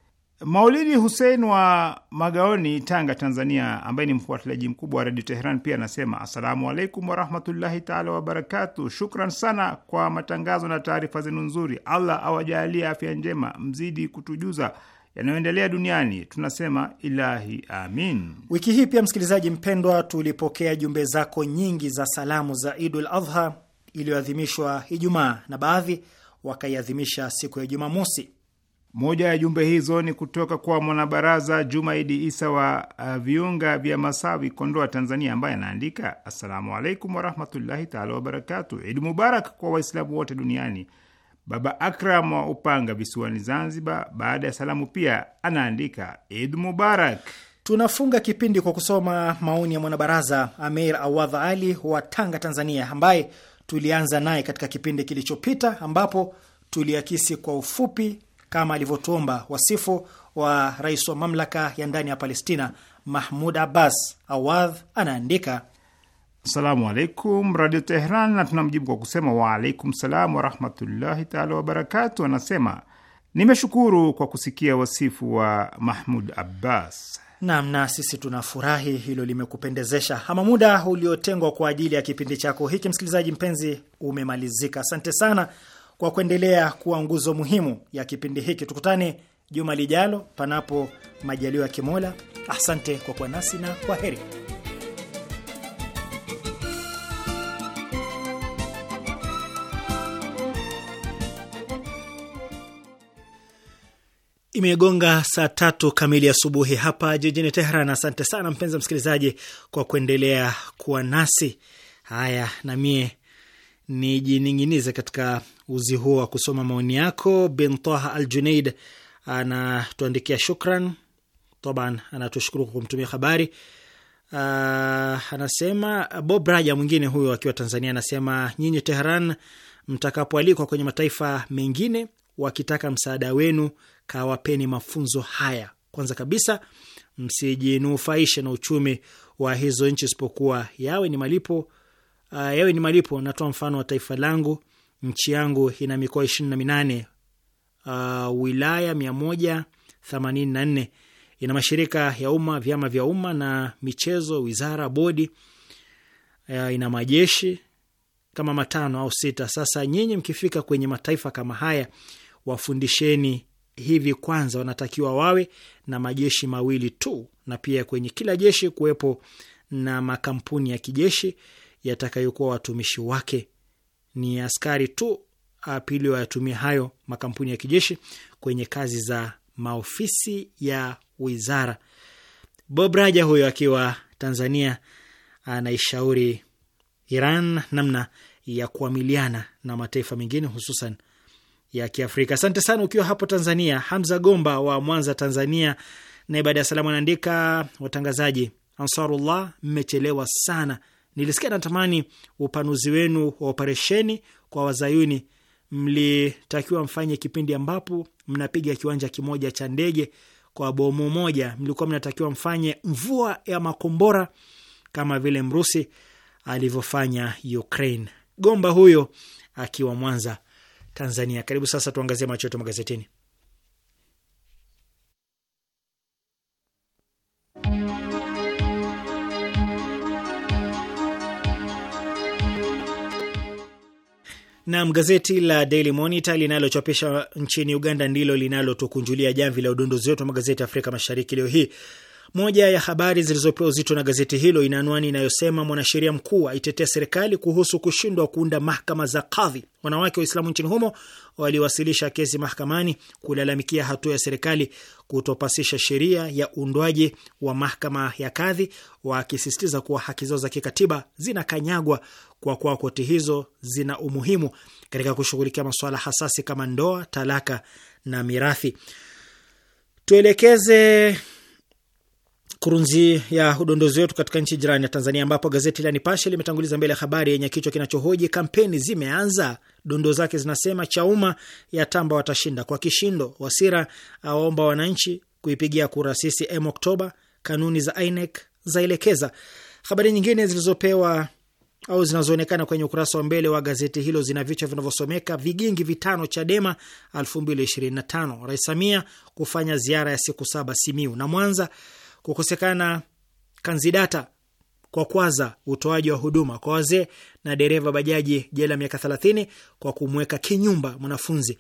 Maulidi husein wa Magaoni, Tanga, Tanzania, ambaye ni mfuatiliaji mkubwa wa redio Teheran pia anasema assalamu alaikum warahmatullahi taala wabarakatu. Shukran sana kwa matangazo na taarifa zenu nzuri. Allah awajalie afya njema, mzidi kutujuza yanayoendelea duniani. Tunasema ilahi amin. Wiki hii pia, msikilizaji mpendwa, tulipokea jumbe zako nyingi za salamu za Idul Adha iliyoadhimishwa Ijumaa na baadhi wakaiadhimisha siku ya Jumamosi. Moja ya jumbe hizo ni kutoka kwa mwanabaraza Jumaidi Isa wa uh, viunga vya Masawi, Kondoa, Tanzania, ambaye anaandika assalamu alaikum warahmatullahi taala wabarakatu. Idi mubarak kwa Waislamu wote duniani. Baba Akram wa Upanga visiwani Zanzibar, baada ya salamu pia anaandika Idi mubarak. Tunafunga kipindi kwa kusoma maoni ya mwanabaraza Amir Awadha Ali wa Tanga, Tanzania, ambaye tulianza naye katika kipindi kilichopita ambapo tuliakisi kwa ufupi kama alivyotuomba wasifu wa rais wa mamlaka ya ndani ya Palestina Mahmud Abbas. Awadh anaandika Asalamu alaikum Radio Tehran, na tunamjibu kwa kusema waalaikum salam warahmatullahi taala wabarakatu. Anasema nimeshukuru kwa kusikia wasifu wa Mahmud Abbas. Naam, na sisi tunafurahi hilo limekupendezesha. Ama muda uliotengwa kwa ajili ya kipindi chako hiki, msikilizaji mpenzi, umemalizika. Asante sana kwa kuendelea kuwa nguzo muhimu ya kipindi hiki. Tukutane juma lijalo, panapo majaliwa ya Kimola. Asante kwa kuwa nasi na kwa heri. Imegonga saa tatu kamili asubuhi hapa jijini Teheran. Asante sana mpenzi msikilizaji kwa kuendelea kuwa nasi. Haya, na mie nijining'inize katika uzi huo wa kusoma maoni yako. Bin Al Junaid anatuandikia shukran taban, anatushukuru kwa kumtumia habari. Uh, anasema Bob Raja mwingine huyo akiwa Tanzania anasema nyinyi Tehran mtakapoalikwa kwenye mataifa mengine wakitaka msaada wenu kawapeni mafunzo haya. Kwanza kabisa msijinufaishe na uchumi wa hizo nchi isipokuwa yawe ni malipo uh, yawe ni malipo. Natoa mfano wa taifa langu, nchi yangu ina mikoa ishirini na minane uh, wilaya mia moja themanini na nne ina mashirika ya umma, vyama vya umma na michezo, wizara, bodi uh, ina majeshi kama matano au sita. Sasa nyinyi mkifika kwenye mataifa kama haya, wafundisheni hivi kwanza, wanatakiwa wawe na majeshi mawili tu, na pia kwenye kila jeshi kuwepo na makampuni ya kijeshi yatakayokuwa watumishi wake. Ni askari tu apili wayatumia hayo makampuni ya kijeshi kwenye kazi za maofisi ya wizara. Bob Raja huyo akiwa Tanzania anaishauri Iran namna ya kuamiliana na mataifa mengine hususan ya Kiafrika. Asante sana ukiwa hapo Tanzania. Hamza Gomba wa Mwanza, Tanzania, na baada ya salamu anaandika watangazaji, Ansarullah, mmechelewa sana Nilisikia natamani upanuzi wenu wa operesheni kwa Wazayuni. Mlitakiwa mfanye kipindi ambapo mnapiga kiwanja kimoja cha ndege kwa bomu moja. Mlikuwa mnatakiwa mfanye mvua ya makombora kama vile Mrusi alivyofanya Ukraine. Gomba huyo akiwa Mwanza, Tanzania. Karibu sasa tuangazie macho yetu magazetini. Nam, gazeti la Daily Monitor linalochapisha nchini Uganda ndilo linalotukunjulia jamvi la udondozi wetu wa magazeti ya Afrika Mashariki leo hii. Moja ya habari zilizopewa uzito na gazeti hilo ina anwani inayosema mwanasheria mkuu aitetea serikali kuhusu kushindwa kuunda mahakama za kadhi. Wanawake Waislamu nchini humo waliwasilisha kesi mahakamani kulalamikia hatua ya serikali kutopasisha sheria ya uundwaji wa mahakama ya kadhi, wakisisitiza kuwa haki zao za kikatiba zinakanyagwa kwa kuwa koti hizo zina umuhimu katika kushughulikia masuala hasasi kama ndoa, talaka na mirathi. Tuelekeze kurunzi ya udondozi wetu katika nchi jirani ya Tanzania, ambapo gazeti la Nipashe limetanguliza mbele ya habari yenye kichwa kinachohoji kampeni zimeanza. Dondo zake zinasema Chauma ya tamba watashinda kwa kishindo, Wasira awaomba wananchi kuipigia kura CCM Oktoba, kanuni za INEC zaelekeza. Habari nyingine zilizopewa au zinazoonekana kwenye ukurasa wa mbele wa gazeti hilo zina vichwa vinavyosomeka vigingi vitano Chadema 2025, Rais Samia kufanya ziara ya siku saba Simiu na Mwanza, kukosekana kanzidata kwa kwaza utoaji wa huduma kwa wazee, na dereva bajaji jela miaka 30 kwa kumweka kinyumba mwanafunzi.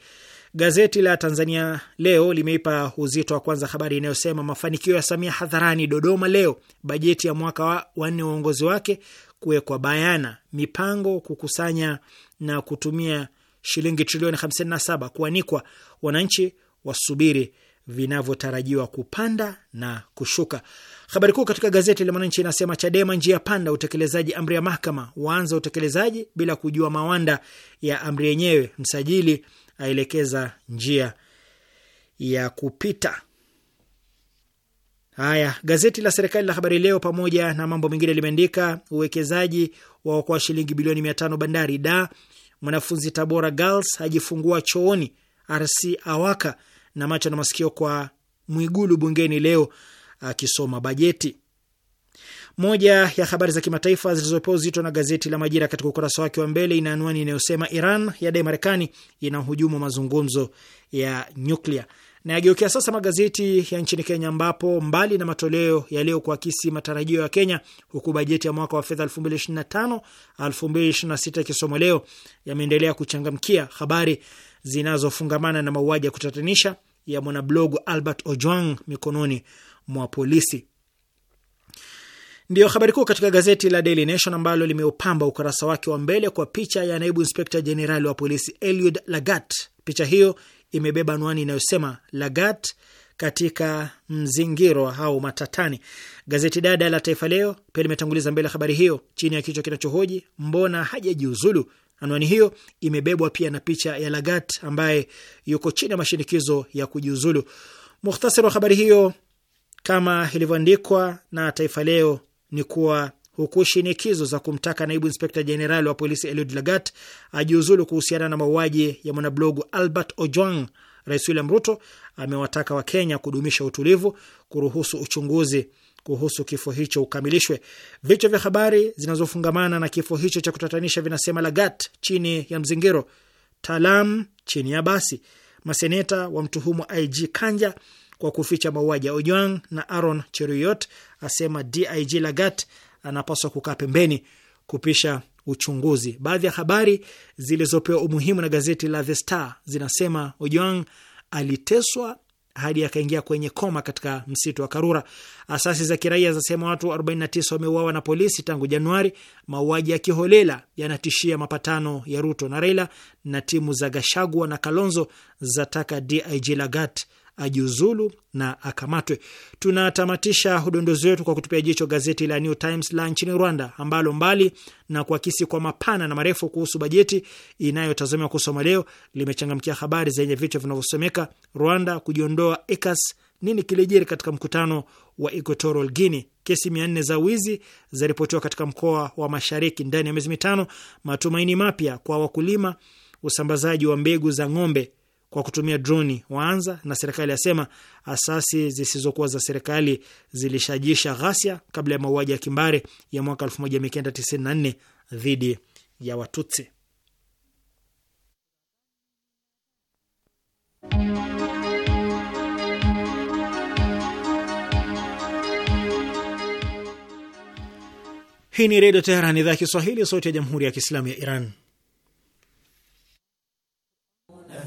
Gazeti la Tanzania Leo limeipa uzito wa kwanza habari inayosema mafanikio ya Samia hadharani Dodoma leo, bajeti ya mwaka wanne wa uongozi wake kuwekwa bayana, mipango kukusanya na kutumia shilingi trilioni 57 kuanikwa, wananchi wasubiri vinavyotarajiwa kupanda na kushuka. Habari kuu katika gazeti la Mwananchi inasema Chadema njia panda, utekelezaji amri ya mahakama, waanza utekelezaji bila kujua mawanda ya amri yenyewe, msajili aelekeza njia ya kupita. Haya, gazeti la serikali la Habari Leo pamoja na mambo mengine limeandika uwekezaji wa okoa shilingi bilioni mia tano bandari da, mwanafunzi Tabora Girls ajifungua chooni, RC awaka na macho na masikio kwa Mwigulu bungeni leo akisoma bajeti. Moja ya habari za kimataifa zilizopewa uzito na gazeti la Majira katika ukurasa wake wa mbele ina anwani inayosema Iran yadai Marekani inahujumu mazungumzo ya nyuklia. Na yageukia sasa magazeti ya nchini Kenya, ambapo mbali na matoleo yaliyokuakisi matarajio ya Kenya, huku bajeti ya mwaka wa fedha 2025 2026 ikisomwa leo, yameendelea kuchangamkia habari zinazofungamana na mauaji ya kutatanisha ya mwanablogu Albert Ojwang mikononi mwa polisi. Ndiyo habari kuu katika gazeti la Daily Nation ambalo limeupamba ukurasa wake wa mbele kwa picha ya naibu inspekta jenerali wa polisi Eliud Lagat. Picha hiyo imebeba anwani inayosema Lagat katika mzingiro au matatani. Gazeti dada la Taifa Leo pia limetanguliza mbele habari hiyo chini ya kichwa kinachohoji mbona hajajiuzulu Anwani hiyo imebebwa pia na picha ya Lagat ambaye yuko chini ya mashinikizo ya kujiuzulu. muhtasari wa habari hiyo kama ilivyoandikwa na Taifa Leo ni kuwa huku shinikizo za kumtaka naibu inspekta jenerali wa polisi Eliud Lagat ajiuzulu kuhusiana na mauaji ya mwanablogu Albert Ojwang, Rais William Ruto amewataka Wakenya kudumisha utulivu, kuruhusu uchunguzi kuhusu kifo hicho ukamilishwe. Vichwa vya habari zinazofungamana na kifo hicho cha kutatanisha vinasema: Lagat chini ya mzingiro, Talam chini ya basi, maseneta wamtuhumu IG Kanja kwa kuficha mauaji ya Ojwang, na Aaron Cheruiyot asema DIG Lagat anapaswa kukaa pembeni kupisha uchunguzi. Baadhi ya habari zilizopewa umuhimu na gazeti la The Star zinasema Ojwang aliteswa hadi akaingia kwenye koma katika msitu wa Karura. Asasi za kiraia zinasema watu 49 wameuawa na polisi tangu Januari. Mauaji ya kiholela yanatishia mapatano ya Ruto na Raila, na timu za Gashagwa na Kalonzo zataka DIG Lagat ajiuzulu na akamatwe. Tunatamatisha udondozi wetu kwa kutupia jicho gazeti la New Times la nchini Rwanda, ambalo mbali na kuakisi kwa mapana na marefu kuhusu bajeti inayotazamiwa kusoma leo, limechangamkia habari zenye vichwa vinavyosomeka: Rwanda kujiondoa ECAS, nini kilijiri katika mkutano wa Equatorial Guinea, kesi mia nne za wizi zaripotiwa katika mkoa wa mashariki ndani ya miezi mitano, matumaini mapya kwa wakulima, usambazaji wa mbegu za ng'ombe kwa kutumia droni waanza, na serikali yasema asasi zisizokuwa za serikali zilishajisha ghasia kabla ya mauaji ya kimbari ya mwaka 1994 dhidi ya Watutsi. Hii ni Redio Teheran, idhaa ya Kiswahili, sauti ya Jamhuri ya Kiislamu ya Iran.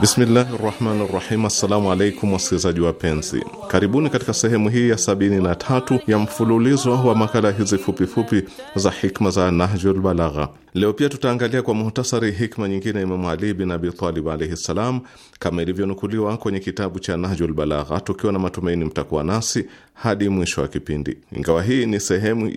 Bismillahi rahmani rahim. Assalamu alaikum wasikilizaji wapenzi, karibuni katika sehemu hii ya tatu ya mfululizo wa makala hizi fupifupi za hikma za Nahjul Balagha. Leo pia tutaangalia kwa muhtasari hikma nyingine ya Imamu Ali bin Abi Talib alaihi ssalam, kama ilivyonukuliwa kwenye kitabu cha Nahjul Balagha, tukiwa na matumaini mtakuwa nasi hadi mwisho wa kipindi. Ingawa hii ni sehemu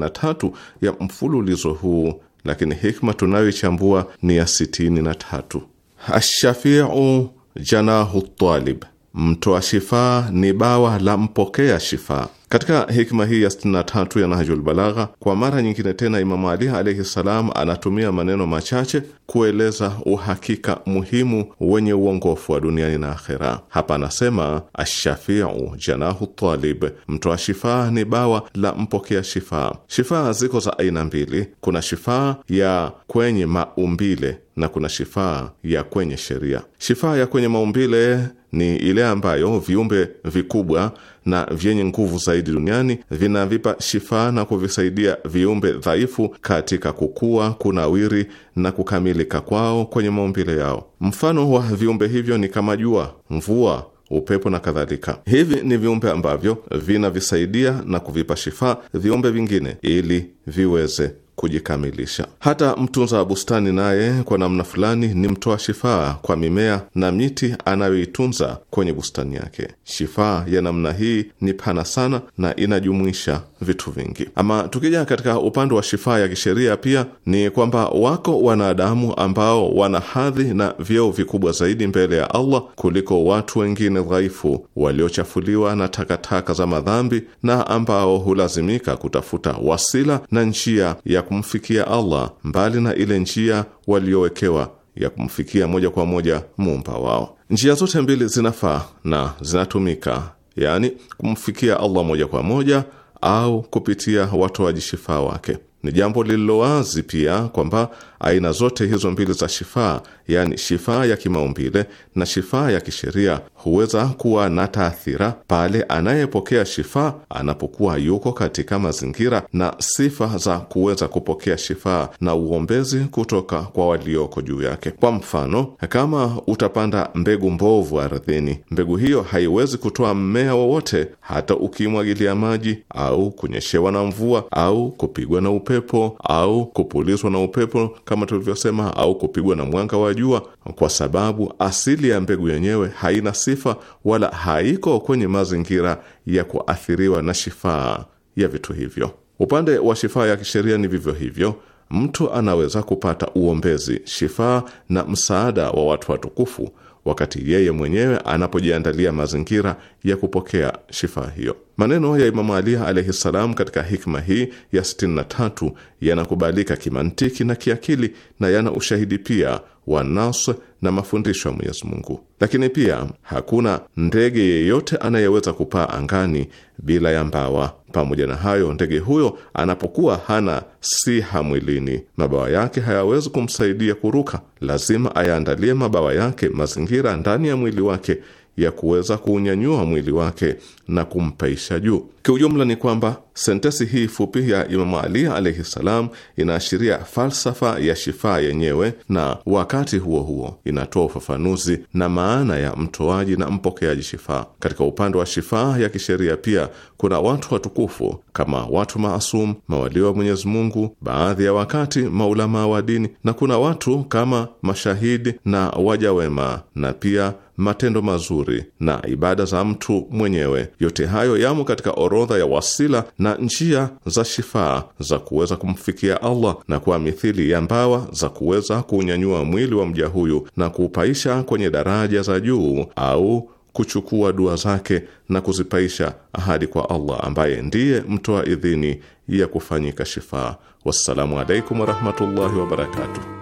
ya tatu ya mfululizo huu, lakini hikma tunayoichambua ni ya 6tatu Ashafiu janahu talib, mtoa shifaa ni bawa la mpokea shifaa. Katika hikma hii ya 63 ya Nahjul Balagha, kwa mara nyingine tena, Imamu Ali alaihi ssalam anatumia maneno machache kueleza uhakika muhimu wenye uongofu wa duniani na akhera. Hapa anasema ashafiu janahu talib, mtoa shifaa ni bawa la mpokea shifaa. Shifaa ziko za aina mbili, kuna shifaa ya kwenye maumbile na kuna shifaa ya kwenye sheria. Shifaa ya kwenye maumbile ni ile ambayo viumbe vikubwa na vyenye nguvu zaidi duniani vinavipa shifaa na kuvisaidia viumbe dhaifu katika kukua, kunawiri na kukamilika kwao kwenye maumbile yao. Mfano wa viumbe hivyo ni kama jua, mvua upepo na kadhalika. Hivi ni viumbe ambavyo vinavisaidia na kuvipa shifaa viumbe vingine ili viweze kujikamilisha. Hata mtunza wa bustani naye kwa namna fulani ni mtoa shifaa kwa mimea na miti anayoitunza kwenye bustani yake. Shifaa ya namna hii ni pana sana na inajumuisha vitu vingi. Ama tukija katika upande wa shifaa ya kisheria, pia ni kwamba wako wanadamu ambao wana hadhi na vyeo vikubwa zaidi mbele ya Allah kuliko watu wengine dhaifu waliochafuliwa na takataka za madhambi na ambao hulazimika kutafuta wasila na njia ya kumfikia Allah mbali na ile njia waliowekewa ya kumfikia moja kwa moja muumba wao. Njia zote mbili zinafaa na zinatumika, yaani kumfikia Allah moja kwa moja au kupitia watoaji shifaa wake. Ni jambo lililowazi pia kwamba Aina zote hizo mbili za shifaa, yaani shifaa ya kimaumbile na shifaa ya kisheria, huweza kuwa na taathira pale anayepokea shifaa anapokuwa yuko katika mazingira na sifa za kuweza kupokea shifaa na uombezi kutoka kwa walioko juu yake. Kwa mfano, kama utapanda mbegu mbovu ardhini, mbegu hiyo haiwezi kutoa mmea wowote, hata ukimwagilia maji au kunyeshewa na mvua au kupigwa na upepo au kupulizwa na upepo kama tulivyosema, au kupigwa na mwanga wa jua, kwa sababu asili ya mbegu yenyewe haina sifa wala haiko kwenye mazingira ya kuathiriwa na shifaa ya vitu hivyo. Upande wa shifaa ya kisheria ni vivyo hivyo, mtu anaweza kupata uombezi, shifaa na msaada wa watu watukufu wakati yeye mwenyewe anapojiandalia mazingira ya kupokea shifa hiyo. Maneno ya Imamu Ali alaihi ssalam katika hikma hii ya 63 yanakubalika kimantiki na kiakili na yana ushahidi pia wa nas na mafundisho ya Mwenyezi Mungu. Lakini pia hakuna ndege yeyote anayeweza kupaa angani bila ya mbawa. Pamoja na hayo, ndege huyo anapokuwa hana siha mwilini, mabawa yake hayawezi kumsaidia kuruka. Lazima ayaandalie mabawa yake mazingira ndani ya mwili wake ya kuweza kuunyanyua mwili wake na kumpaisha juu. Kiujumla ni kwamba sentesi hii fupi ya Imamu Ali alaihi ssalam inaashiria falsafa ya shifaa yenyewe, na wakati huo huo inatoa ufafanuzi na maana ya mtoaji na mpokeaji shifaa. Katika upande wa shifaa ya kisheria, pia kuna watu watukufu kama watu maasum, mawalio wa Mwenyezi Mungu, baadhi ya wakati maulamaa wa dini, na kuna watu kama mashahidi na waja wema na pia matendo mazuri na ibada za mtu mwenyewe, yote hayo yamo katika orodha ya wasila na njia za shifaa za kuweza kumfikia Allah, na kwa mithili ya mbawa za kuweza kuunyanyua mwili wa mja huyu na kuupaisha kwenye daraja za juu au kuchukua dua zake na kuzipaisha ahadi kwa Allah ambaye ndiye mtoa idhini ya kufanyika shifaa. Wassalamu alaikum warahmatullahi wabarakatuh.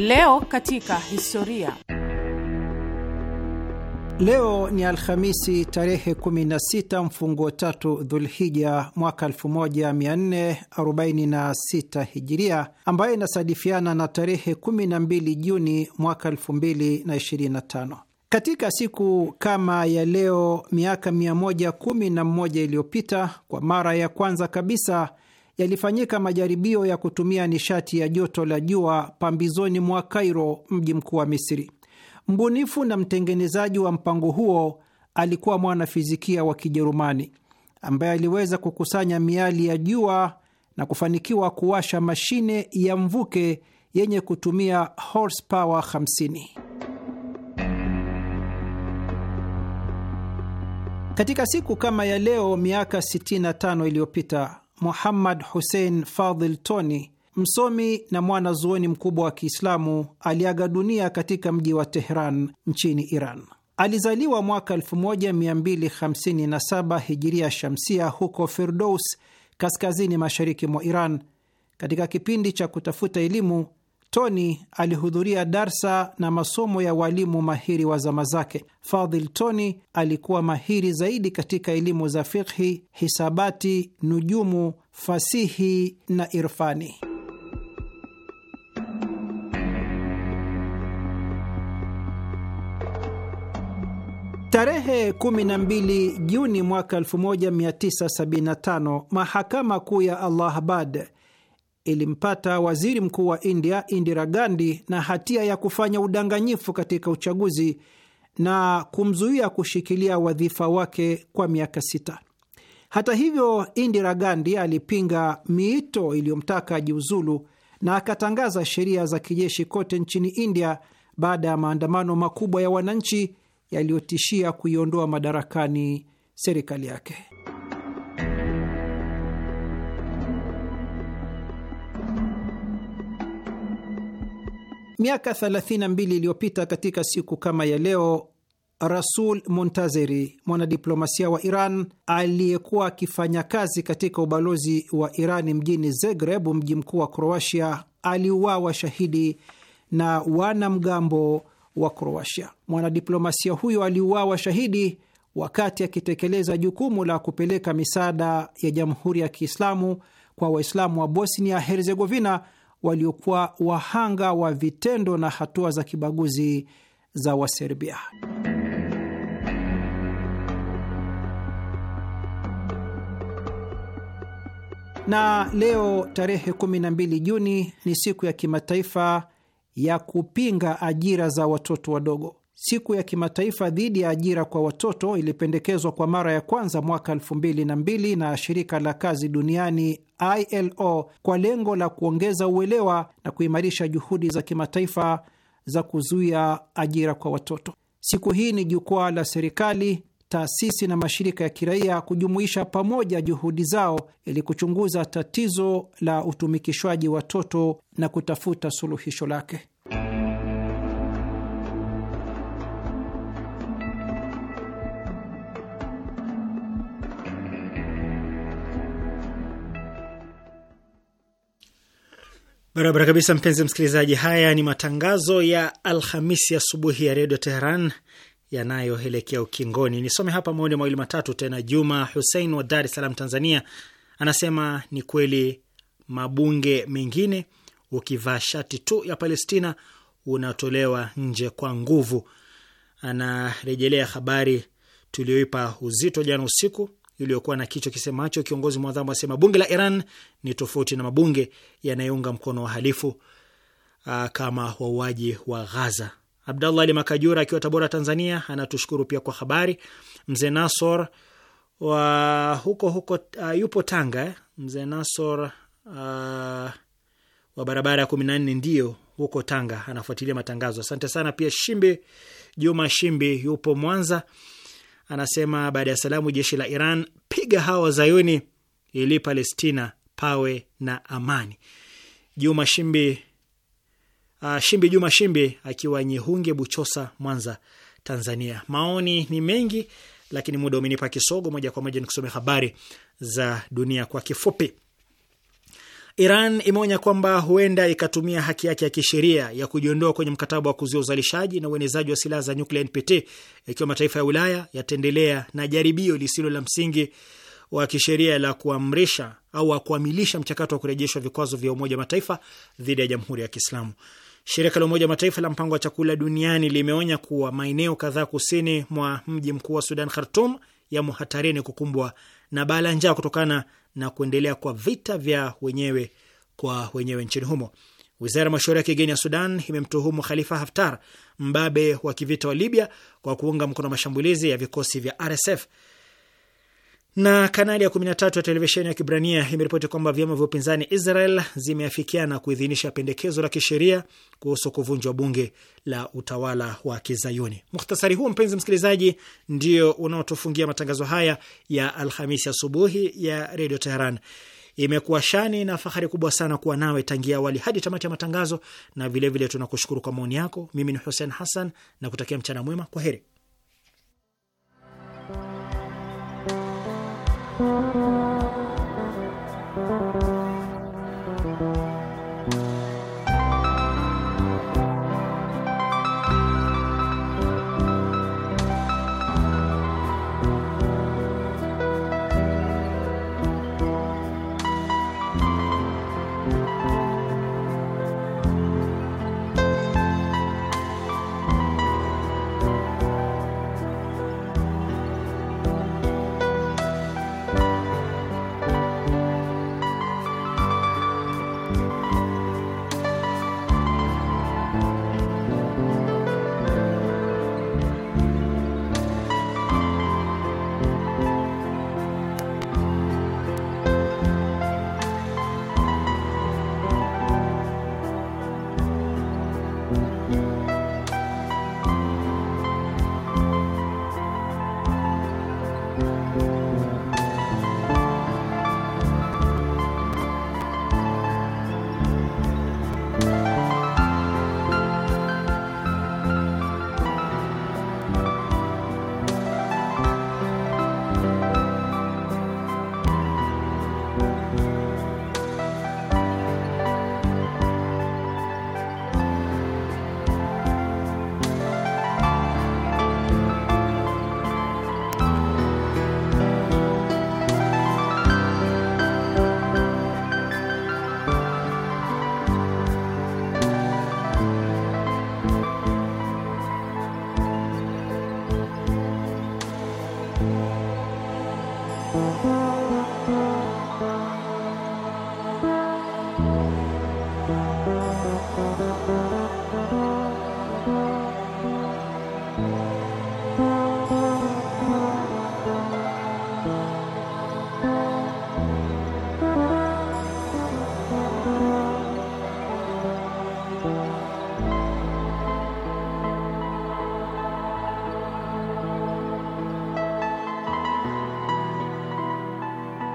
Leo katika historia. Leo ni Alhamisi tarehe 16 mfungo tatu Dhulhija mwaka 1446 Hijiria, ambayo inasadifiana na tarehe 12 Juni mwaka 2025. Katika siku kama ya leo miaka 111 iliyopita, kwa mara ya kwanza kabisa yalifanyika majaribio ya kutumia nishati ya joto la jua pambizoni mwa Kairo, mji mkuu wa Misri. Mbunifu na mtengenezaji wa mpango huo alikuwa mwanafizikia wa Kijerumani ambaye aliweza kukusanya miali ya jua na kufanikiwa kuwasha mashine ya mvuke yenye kutumia horsepower 50. Katika siku kama ya leo miaka 65 iliyopita Muhammad Hussein Fadhil tony msomi na mwanazuoni mkubwa wa Kiislamu, aliaga dunia katika mji wa Tehran nchini Iran. Alizaliwa mwaka 1257 hijiria shamsia huko Firdous, kaskazini mashariki mwa Iran. Katika kipindi cha kutafuta elimu Tony alihudhuria darsa na masomo ya walimu mahiri wa zama zake. Fadhil Tony alikuwa mahiri zaidi katika elimu za fikhi, hisabati, nujumu, fasihi na irfani. Tarehe 12 Juni mwaka 1975 mahakama kuu ya Allahabad ilimpata waziri mkuu wa India Indira Gandhi na hatia ya kufanya udanganyifu katika uchaguzi na kumzuia kushikilia wadhifa wake kwa miaka sita. Hata hivyo, Indira Gandhi alipinga miito iliyomtaka ajiuzulu na akatangaza sheria za kijeshi kote nchini India baada ya maandamano makubwa ya wananchi yaliyotishia kuiondoa madarakani serikali yake. Miaka 32 iliyopita katika siku kama ya leo, Rasul Montazeri, mwanadiplomasia wa Iran aliyekuwa akifanya kazi katika ubalozi wa Iran mjini Zagreb, mji mkuu wa Kroatia, aliuawa shahidi na wanamgambo wa Kroatia. Mwanadiplomasia huyo aliuawa shahidi wakati akitekeleza jukumu la kupeleka misaada ya Jamhuri ya Kiislamu kwa Waislamu wa Bosnia Herzegovina waliokuwa wahanga wa vitendo na hatua za kibaguzi za Waserbia. Na leo tarehe 12 Juni ni siku ya kimataifa ya kupinga ajira za watoto wadogo siku ya kimataifa dhidi ya ajira kwa watoto ilipendekezwa kwa mara ya kwanza mwaka elfu mbili na mbili na shirika la kazi duniani ILO kwa lengo la kuongeza uelewa na kuimarisha juhudi za kimataifa za kuzuia ajira kwa watoto. Siku hii ni jukwaa la serikali, taasisi na mashirika ya kiraia kujumuisha pamoja juhudi zao ili kuchunguza tatizo la utumikishwaji watoto na kutafuta suluhisho lake. Barabara kabisa, mpenzi msikilizaji. Haya ni matangazo ya Alhamisi asubuhi ya, ya redio Teheran yanayoelekea ukingoni. Nisome hapa maoni mawili matatu tena. Juma Husein wa Dar es Salaam, Tanzania, anasema ni kweli mabunge mengine ukivaa shati tu ya Palestina unatolewa nje kwa nguvu. Anarejelea habari tulioipa uzito jana usiku iliyokuwa na kichwa kisemacho kiongozi mwadhamu asema bunge la Iran ni tofauti na mabunge yanayounga mkono wahalifu ah, kama wauaji wa Ghaza. Abdallah Ali Makajura akiwa Tabora, Tanzania, anatushukuru pia kwa habari. Mzee Nasor wa huko huko uh, yupo Tanga. Eh? Mzee Nasor uh, wa barabara ya kumi na nne ndio huko Tanga, anafuatilia matangazo. Asante sana pia. Shimbi Juma Shimbi yupo Mwanza anasema baada ya salamu, jeshi la Iran piga hawa wazayuni ili Palestina pawe na amani. Juma Shimbi, uh, Shimbi Juma Shimbi akiwa Nyehunge, Buchosa, Mwanza, Tanzania. Maoni ni mengi, lakini muda umenipa kisogo. Moja kwa moja nikusomea habari za dunia kwa kifupi. Iran imeonya kwamba huenda ikatumia haki yake ya kisheria ya kujiondoa kwenye mkataba wa kuzuia uzalishaji na uenezaji wa silaha za nyuklia NPT ikiwa mataifa ya Ulaya yataendelea na jaribio lisilo la msingi wa kisheria la kuamrisha au wa kuamilisha mchakato wa kurejeshwa vikwazo vya Umoja wa Mataifa dhidi ya Jamhuri ya Kiislamu. Shirika la Umoja wa Mataifa la Mpango wa Chakula Duniani limeonya kuwa maeneo kadhaa kusini mwa mji mkuu wa Sudan, Khartum, yamo hatarini kukumbwa na balaa njaa kutokana na kuendelea kwa vita vya wenyewe kwa wenyewe nchini humo. Wizara ya mashauri ya kigeni ya Sudan imemtuhumu Khalifa Haftar, mbabe wa kivita wa Libya, kwa kuunga mkono mashambulizi ya vikosi vya RSF. Na kanali ya 13 ya televisheni ya Kibrania imeripoti kwamba vyama vya upinzani Israel zimeafikiana kuidhinisha pendekezo la kisheria kuhusu kuvunjwa bunge la utawala wa Kizayuni. Mukhtasari huu mpenzi msikilizaji, ndio unaotufungia matangazo haya ya Alhamisi asubuhi ya Redio Teheran. Imekuwa shani na fahari kubwa sana kuwa nawe tangia awali hadi tamati ya matangazo, na vilevile tunakushukuru kwa maoni yako. Mimi ni Hussein Hassan na kutakia mchana mwema. Kwa heri. thank you